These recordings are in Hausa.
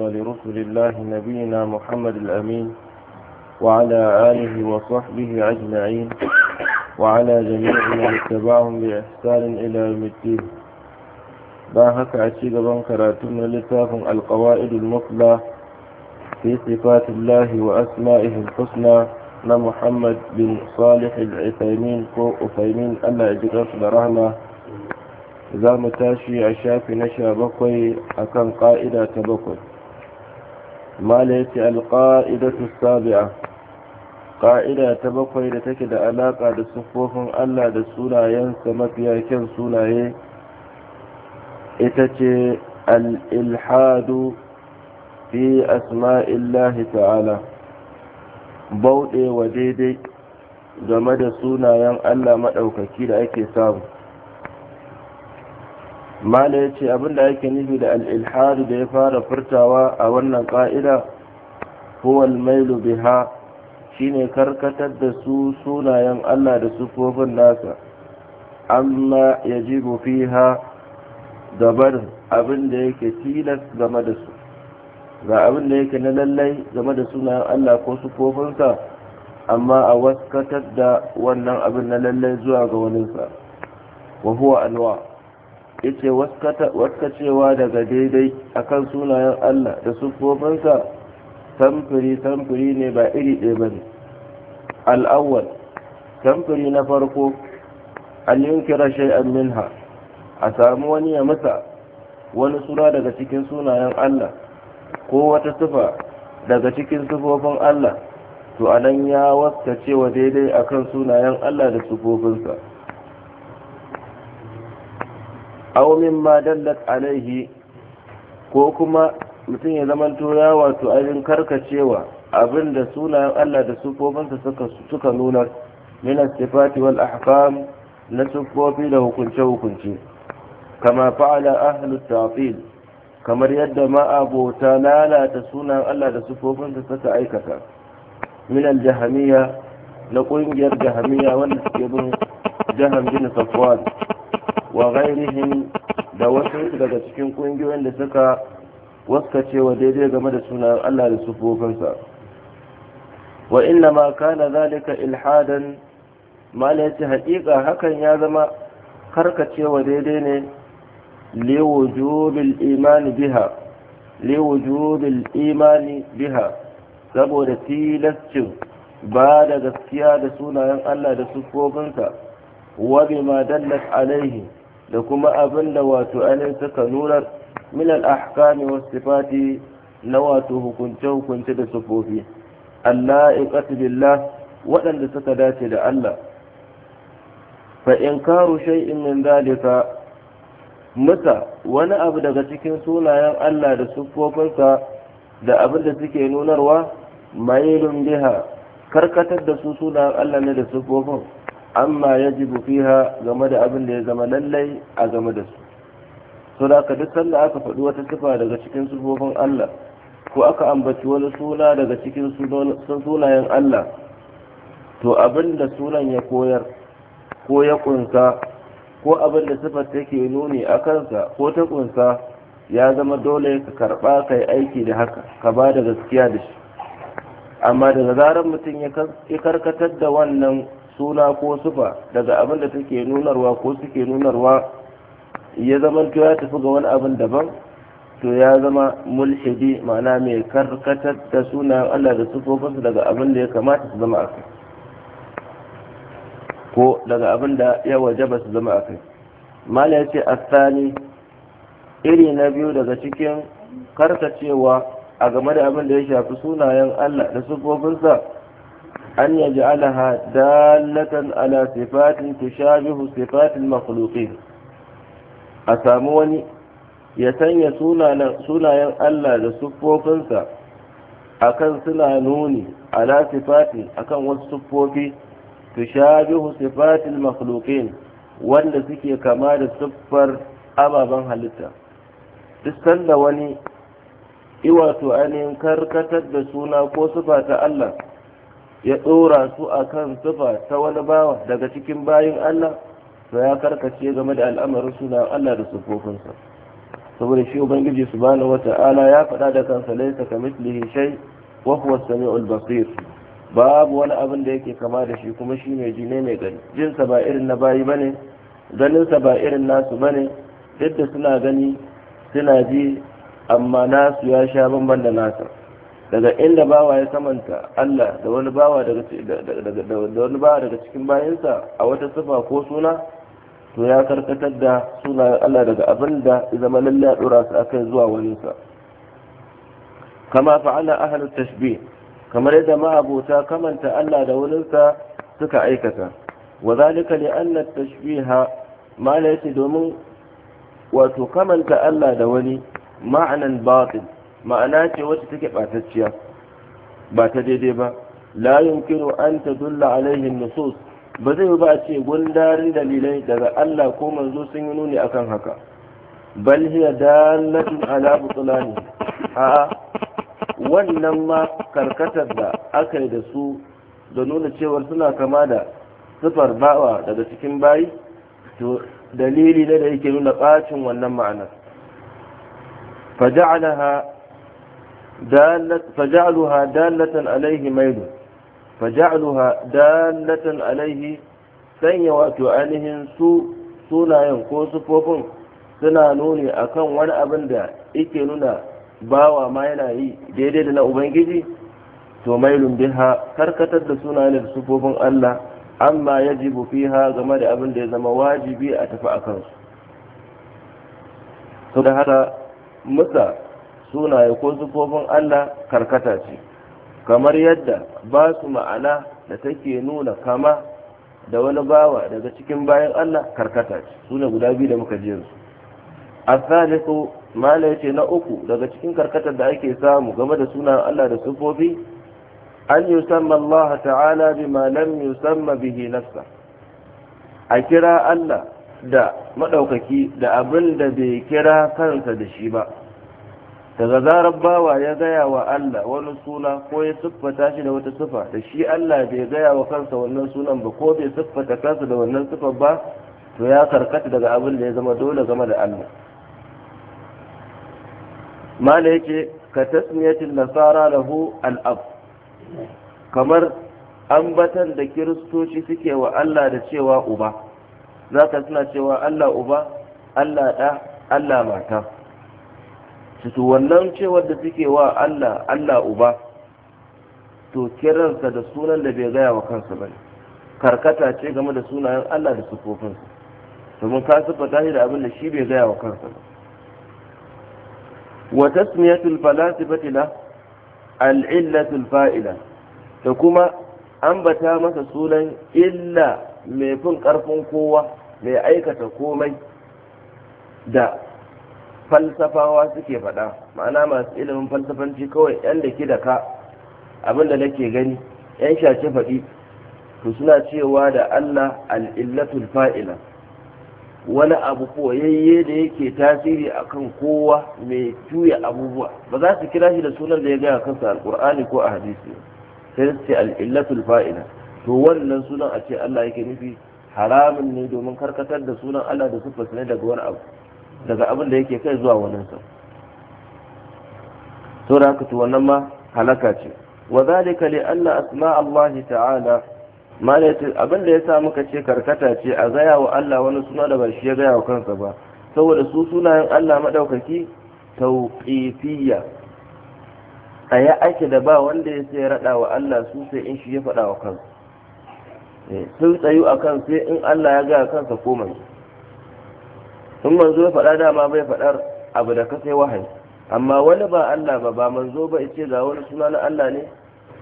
أفضل رسل الله نبينا محمد الأمين وعلى آله وصحبه أجمعين وعلى جميع من اتبعهم بإحسان إلى يوم الدين باهك أشيق بنكراتنا لتاكم القوائد المطلى في صفات الله وأسمائه الحسنى محمد بن صالح العثيمين كو أثيمين ألا أجرس برهمة za mu tashi a shafi na sha bakwai a kan ƙa'ida ta bakwai مالك القائدة السابعة قائدة تبقي لتكد علاقة للصفوف ألا للسولة ينسى ما فيها كان سولة إتتي الإلحاد في أسماء الله تعالى بوء وديدك زمد سولة sunayen Allah maɗaukaki da ake samu mala ya ce abinda yake nufi da al'ilhari da ya fara furtawa a wannan ƙa'ida huwal mailu biha shine karkatar da su sunayen allah da sufofin nasa amma ya ji fiha gabar abinda yake tilas game da su ga abinda yake na lallai game da sunayen allah ko sufofinsa amma a waskatar da wannan abin na lallai zuwa ga waninsa wa huwa anwa' yace waskacewa daga daidai akan sunayen Allah da sufofinsa samfuri samfuri ne ba iri ɗaya ba ne al'awwal samfuri na farko an yunkira shay'an minha a samu wani ya masa wani sura daga cikin sunayen Allah ko wata sufa daga cikin sufofin Allah to anan ya waskacewa daidai akan sunayen Allah da sufofinsa aw mimma dallat alaihi ko kuma mutum ya zama ya wato ayin karkacewa abin da sunayen Allah da sufofinsa suka suka nuna min sifati wal ahkam na sufofi da hukunce hukunce kama fa'ala ahlu ta'til kamar yadda ma abota lalata sunayen Allah da sufofinsa suka aikata min al na kungiyar jahmiya wanda suke bin jaham bin safwan wa ghairihim da wasu daga cikin kungiyoyin da suka wa daidai game da sunan Allah da sufofinsa wa inna ma kana zalika ilhadan mala yace hakan ya zama karkacewa daidai ne wujubil iman biha wujubil imani biha saboda tilascin ba da gaskiya da sunayen Allah da sufofinsa wa bima dallat alaihi da kuma abin da wato ainihin suka nunar milal ahkami wasu sifati na wato hukunce-hukunce da sufofi Allah in billah waɗanda suka dace da Allah fa in karu shay'in min zalika musa wani abu daga cikin sunayen Allah da sufofinsa da abin da suke nunarwa mailun biha karkatar da su sunayen Allah ne da sufofin amma ya jibu fiha game da abin da ya zama lallai a game da su so da aka duk sallah aka faɗi wata sifa daga cikin sufofin Allah ko aka ambaci wani suna daga cikin sunayen Allah to abin da sunan ya koyar ko ya kunsa ko abin da sifar take nuni a kansa ko ta kunsa ya zama dole ka karɓa ka yi aiki da haka ka ba da gaskiya da shi amma daga zarar mutum ya karkatar da wannan suna ko sufa daga abin da take nunarwa ko suke nunarwa ya zama to ya tafi ga wani abin daban to ya zama mulhidi ma'ana mai karkatar da sunayen Allah da sufofinsu daga abin da ya kamata su zama akai ko daga abin da ya wajaba su zama akai mala ya ce asali iri na biyu daga cikin karkacewa a game da abin da ya shafi sunayen Allah da sufofinsa أن يجعلها دالة على صفات تشابه صفات المخلوقين أساموني يتني سنايا ألا لسفوفنسا أكن سنانوني على صفات أكن والسفوفي تشابه صفات المخلوقين wanda suke kama da siffar ababen halitta duk sanda wani iwato ainihin karkatar da suna ko sifa ta Allah ya tsora su a kan sufa ta wani bawa daga cikin bayan Allah su ya karkace game da al'amarin suna Allah da sufofinsa saboda shi ubangiji wata wata'ala ya faɗa da kansa laisa kamithlihi shai wa huwa as-sami'ul basir babu wani abin da yake kama da shi kuma shi mai jine mai gani jinsa ba irin na bayi bane ganinsa ba irin nasu bane duk da suna gani suna ji amma nasu ya sha bamban da nasa daga inda bawa ya samanta Allah da wani bawa daga cikin bayansa a wata sifa ko suna to ya karkatar da sunayen Allah daga abin da zama lalle ya dora su akai zuwa waninsa kama fa'ala ahlut tashbih kamar yadda ma'abota kamanta Allah da wani sa suka aikata wa zalika li anna tashbiha ma domin wato kamanta Allah da wani ma'anan batil ma'ana ce wacce take batacciya ba ta daidai ba la yunkiru an ta dulla alaihi nusus ba zai ba a ce gundarin dalilai daga Allah ko manzo sun yi nuni akan haka bal hiya dalatun ala butlani a wannan ma karkatar da aka yi da su da nuna cewar suna kama da sifar bawa daga cikin bayi to dalili ne da yake nuna bacin wannan ma'anar ja'alaha دالة فجعلها alaihi عليه ميل فجعلها دالة عليه sanya wato ainihin su sunayen ko sufofin suna nuni akan wani abin da yake nuna bawa ma yana yi daidai da na ubangiji to mailun biha karkatar da sunayen da sufofin Allah amma yajibu fiha game da abin da ya zama wajibi a tafi a kansu to da haka musa sunaye ko sufofin Allah karkata ce kamar yadda ba su ma'ana da take nuna kama da wani bawa daga cikin bayan Allah karkata ce su ne guda biyu da muka je su a salisu mala ce na uku daga cikin karkatar da ake samu game da sunayen Allah da sufofi an yusamma Allah ta'ala bima lam yusamma bihi nafsa a kira Allah da maɗaukaki da abin da bai kira kansa da shi ba daga zarar bawa ya gaya wa Allah wani suna ko ya siffata shi da wata sifa da shi Allah bai gaya wa kansa wannan sunan ba ko bai siffata kansa da wannan siffar ba to ya karkata daga abin da ya zama dole game da Allah mala yake ka tasmiyatin nasara lahu al'ab kamar ambatan da kiristoci suke wa Allah da cewa uba za ka suna cewa Allah uba Allah ɗa Allah mata to wannan cewar da suke wa Allah Allah uba to kiransa da sunan da bai gaya wa kansa bane karkata ce game da sunayen Allah da sufofinsa domin ka siffata shi da abin da shi bai gaya wa kansa ba wa tasmiyatul falasifati la al-illatul fa'ila da kuma ambata masa sunan illa mai fin karfin kowa mai aikata komai da falsafawa suke faɗa ma'ana masu ilimin falsafanci kawai yan da ki da ka abin da nake gani yan shace faɗi to suna cewa da Allah al'illatul fa'ila wani abu koyayye da yake tasiri akan kowa mai juya abubuwa ba za su kira shi da sunan da ya gaya kansa alkur'ani ko a hadisi sai su ce al'illatul fa'ila to wannan sunan a ce Allah yake nufi haramun ne domin karkatar da sunan Allah da su ne daga wani abu daga abin da yake kai zuwa waninsa to da haka wannan ma halaka ce wa zalika li anna asma Allah ta'ala malaiti abin da sa muka ce karkata ce a gaya wa Allah wani suna da ba shi ya gaya wa kansa ba saboda su sunayen Allah madaukaki tauqifiyya a ya ake da ba wanda ya sai rada wa Allah su sai in shi ya fada wa kansa eh, sun tsayu akan sai in Allah ya gaya kansa ko sun manzo ya faɗa dama bai faɗar abu da kasai wahayi amma wani ba Allah ba ba manzo ba ce ga wani suna na Allah ne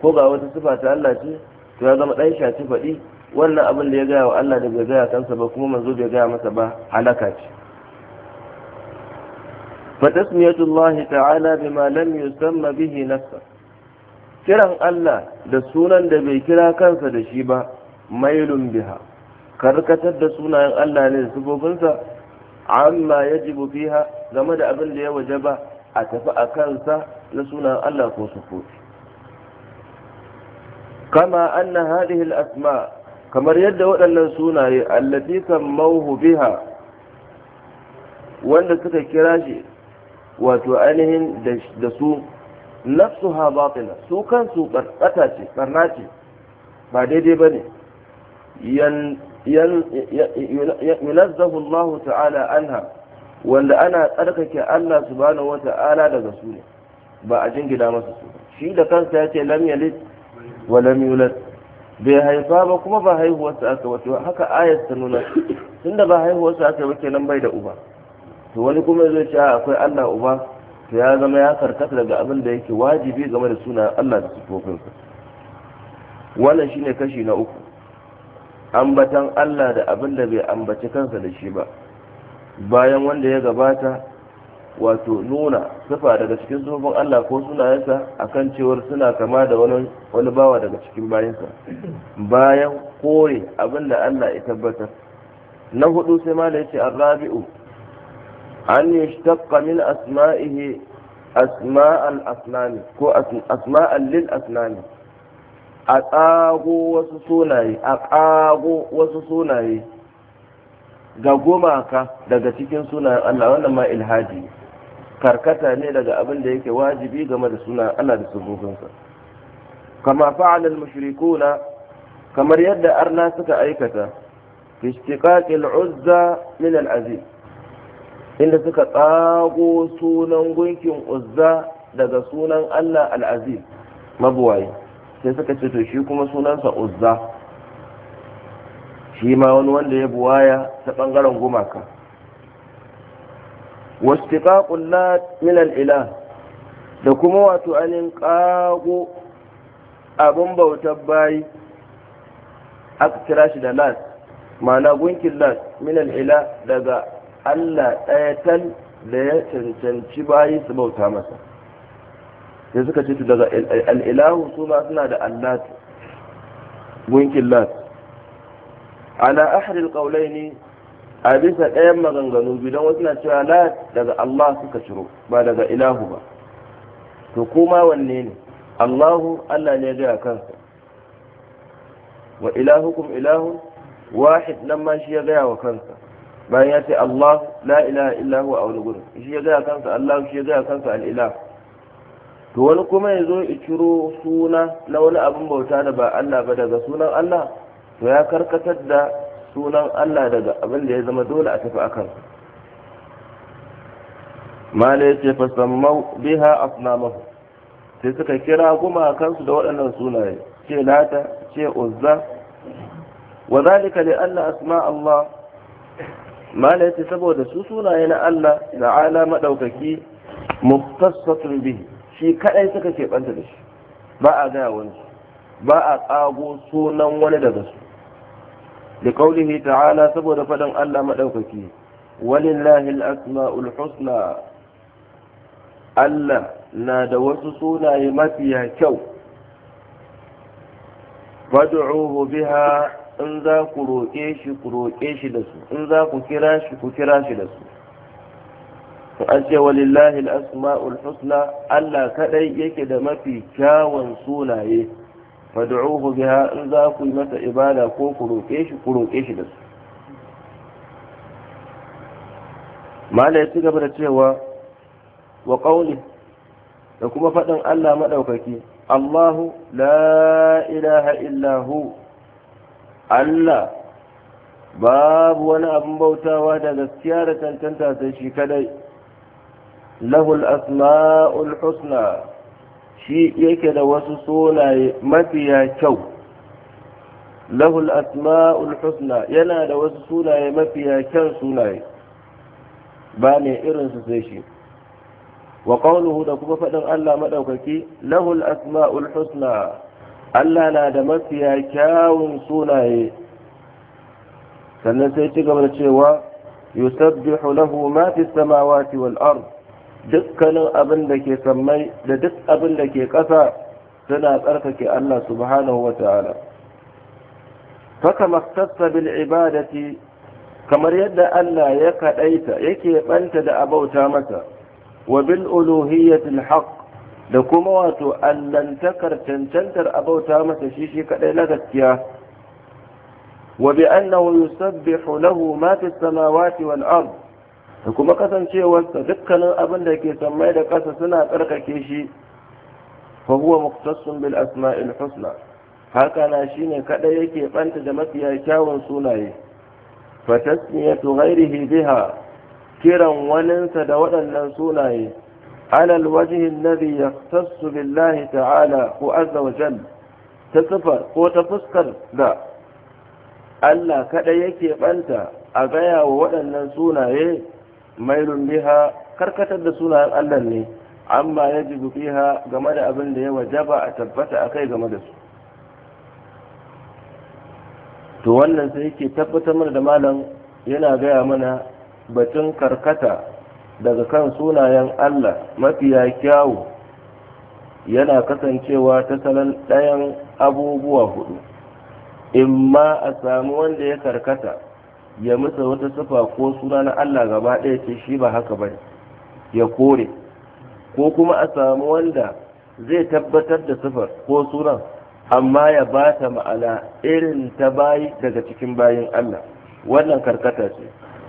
ko ga wata sifa ta Allah ce to ya zama ɗan shaci faɗi wannan abin da ya gaya wa Allah da bai gaya kansa ba kuma manzo bai gaya masa ba halaka ce فتسمية الله تعالى بما لم يسمى به نفسه kiran Allah da sunan da bai kira kansa da shi ba mailun biha karkatar da sunayen Allah ne da sifofinsa amma yajibu fiha game da abin da ya ba a tafi a kansa na sunan Allah ko su sufofi kama anna hadhihi al-asma kamar yadda waɗannan sunaye allati mauhu biha wanda suka kira shi wato ainihin da su ha batila su kansu barkata ce barna ba daidai bane yan yunazzahu Allah ta'ala anha wanda ana tsarkake Allah subhanahu wata'ala daga su ne ba a gida masa su shi da kansa ya ce lam yalid wa lam yulad bai haifa ba kuma ba haihuwar sa aka wato haka ayat ta nuna tunda ba haihuwar sa aka wake nan bai da uba to wani kuma zai ce ah, akwai Allah uba to ya zama ya karkata daga abin da yake wajibi game da suna Allah da sifofinsa wannan shine kashi na uku ambatan Allah da abin da bai ambaci kansa da shi ba bayan wanda ya gabata wato nuna sufa daga cikin sufofin Allah ko sunayensa kan cewar suna kama da wani bawa daga cikin bayansa bayan kore abin da Allah ya tabbatar na hudu sai ma da yace arrabi'u an yashtaqqa min asma'ihi asma'al asnami ko asma'al lil a tsago wasu sunaye a ƙago wasu sunaye ga gumaka daga cikin sunayen Allah wannan ma ilhadi karkata ne daga abin da yake wajibi game da sunayen Allah da sunugunsa kama fa'alal mushrikuna kamar yadda arna suka aikata fi uzza min inda suka tsago sunan gunkin uzza daga sunan Allah al-aziz mabuwayi sai suka ce to shi kuma sunansa uzza shi ma wani wanda ya buwaya ta bangaren gumaka wastiqaqul lat min al ilah da kuma wato anin ƙago abin bautar bayi aka kira shi da lat ma'ana gunkin lat min al daga Allah ɗaya tal da ya cancanci bayi su bauta masa sai suka ce daga al'ilahu su ma suna da allat gunkin lat ala ahril kaulai ne a bisa ɗayan maganganu biyu don wasu na cewa lat daga allah suka ciro ba daga ilahu ba to kuma wanne ne allahu allah ne gaya kansa wa ilahukum ilahun wahid nan ma shi ya gaya wa kansa bayan ya ce allah la ilaha illahu a wani gurin shi ya gaya kansa allah shi ya gaya kansa al'ilahu to wani kuma ya zo ya ciro suna na wani abin bauta da ba Allah ba daga sunan Allah to ya karkatar da sunan Allah daga abin da ya zama dole a tafi akan mala ya ce fasammau biha asnamahu sai suka kira kansu da waɗannan sunaye ce lata ce uzza wa zalika li anna asma Allah mala ce saboda su sunaye na Allah ta'ala madaukaki muftassatun bihi shi kaɗai suka ɓanta da shi ba a gaya wani ba a tsago sunan wani daga su da ƙaunihi ta'ala saboda faɗin Allah maɗaukaki walillahi asma'ul husna Allah na da wasu sunaye mafiya kyau fad'uhu biha in za ku roƙe shi ku roƙe shi da su in za ku kira shi ku kira shi da su an ce walillahi al-asma'ul husna Allah kaɗai yake da mafi kyawun sunaye fad'uhu biha in za ku yi masa ibada ko ku shi ku shi da su mala ya ci gaba da cewa wa qawli da kuma faɗin Allah maɗaukaki Allahu la ilaha Allah babu wani abin bautawa da gaskiya da tantanta sai shi kadai lahul asma'ul shi yake da wasu sunaye mafiya kyau lahul yana da wasu sunaye mafiya kyan sunaye ba ne irinsu sai shi wa qawluhu da kuma faɗin Allah maɗaukaki lahul asma'ul Allah na da mafiya kyawun sunaye sannan sai cigaba gaba da cewa yusabbihu lahu ma fi samawati wal ard dukkanin abin da ke sammai da duk abin da ke ƙasa suna tsarkake Allah subhanahu wa ta'ala faka maktasa bil ibadati kamar yadda Allah ya kaɗaita yake ɓanta da abauta mata, wa bil uluhiyyatil haqq da kuma wato allantakar cancantar abauta mata shi shi kaɗai na gaskiya wa bi annahu yusabbihu lahu ma fi samawati wal ardh da kuma kasancewarsa dukkanin abin da ke sammai da ƙasa suna tsarkake shi fa huwa muktasun bil asma'il husna haka na shine kaɗai yake banta da mafiya kyawun sunaye fa tasmiyatu ghairihi biha kiran waninsa da waɗannan sunaye على الوجه الذي يختص بالله Ta وعز ko ta fuskar da. Allah kaɗai yake ɓanta a gaya wa waɗannan sunaye mailun biha karkatar da sunayen Allah ne amma ya ji fiha game da abin da ya wajaba a tabbata a kai game da su to wannan sai yake tabbatar mana da malam yana gaya mana batun karkata daga kan sunayen Allah mafiya kyawu yana kasancewa ta salon ɗayan abubuwa hudu imma a samu wanda ya karkata ya musa wata sifa ko suna na Allah gaba ɗaya ce shi ba haka bane ya kore ko kuma a samu wanda zai tabbatar da sifar ko sunan amma ya ba ta ma'ana irin ta bayi daga cikin bayin Allah wannan karkata ce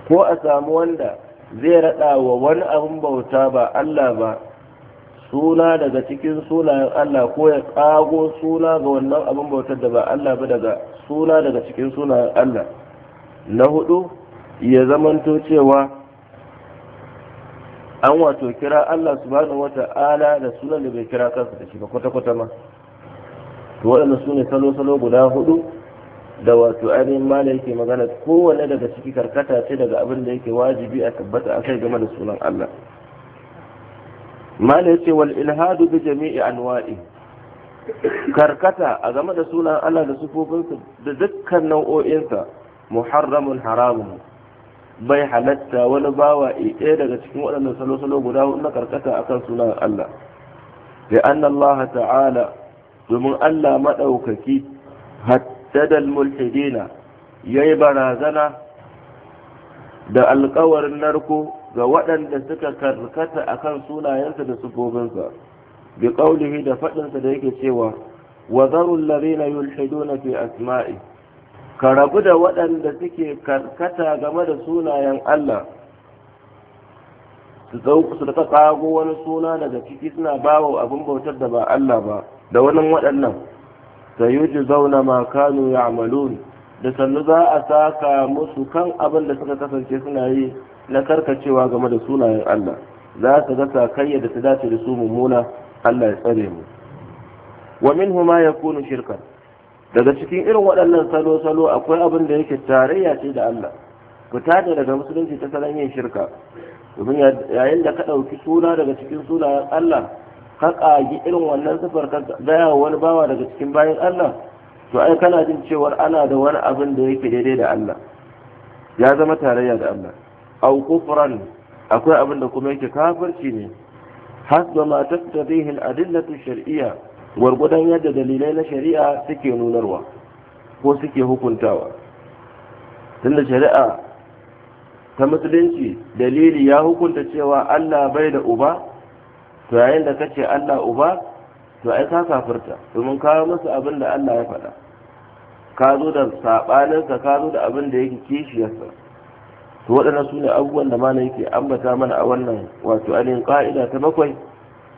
ko a samu wanda zai raɗa wa wani abin bauta ba Allah ba suna daga cikin sunayen Allah ko ya ƙago suna ga wannan abin bautar da ba Allah ba daga suna daga cikin sunayen Allah na hudu ya zamanto cewa an wato kira Allah subhanahu wata'ala da sunan da bai kira kansa da shi ba kwata-kwata ma to waɗanda su ne salo-salo guda hudu da wato ainihin mala yake magana kowane daga ciki karkata ce daga abin da yake wajibi a tabbata a kai game da sunan Allah mala yace wal ilhadu bi jami'i anwa'i karkata a game da sunan Allah da sufofinsa da dukkan nau'o'insa muharramun haramun bai halatta wani bawa ɗaya daga cikin waɗannan salo-salo guda hudu na karkata akan sunan Allah da an Allah ta'ala domin Allah maɗaukaki haddadal mulhidina ya yi barazana da alkawarin narko ga waɗanda suka karkata akan sunayensa da sufofinsa bi ƙaunihi da faɗinsa da yake cewa wa zarun larina yulhiduna fi asma'i ka rabu da waɗanda suke karkata game da sunayen Allah su da tsago wani suna daga ciki suna bawa abin bautar da ba Allah ba da wani waɗannan sayuji zauna makanu ya amalun da sannu za a saka musu kan abin da suka kasance suna yi na karkacewa game da sunayen Allah za su ga sakayya da su dace da su mummuna Allah ya tsare mu wa minhu ma yakunu shirkan daga cikin irin waɗannan salo-salo akwai abin da yake tarayya ce da Allah fita da daga musulunci ta salon yin shirka domin yayin da ka ɗauki suna daga cikin sunayen Allah ka ƙagi irin wannan sifar ka gaya wani bawa daga cikin bayan Allah to ai kana jin cewar ana da wani abin da yake daidai da Allah ya zama tarayya da Allah au kufran akwai abin da kuma yake kafirci ne hasba ma tattabihi al-adillatu shar'iyya gwargwadon yadda dalilai na shari'a suke nunarwa ko suke hukuntawa tunda shari'a ta musulunci dalili ya hukunta cewa allah bai da uba to yayin da kace allah uba to ai ka kafirta domin kawo masa abin da allah ya faɗa ka zo da saɓaninsa ka zo da abin da yake kishiyarsa to waɗannan su ne abubuwan da mana yake ambata mana a wannan wato ainihin ƙa'ida ta bakwai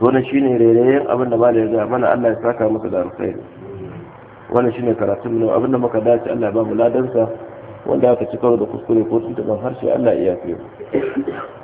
to wannan shine rairayen abin da malai mana Allah ya saka maka da alkhairi wannan shine karatun mu abin muka dace Allah ya ba mu ladansa wanda aka ci karo da kuskure ko ban harshe Allah ya yafe mu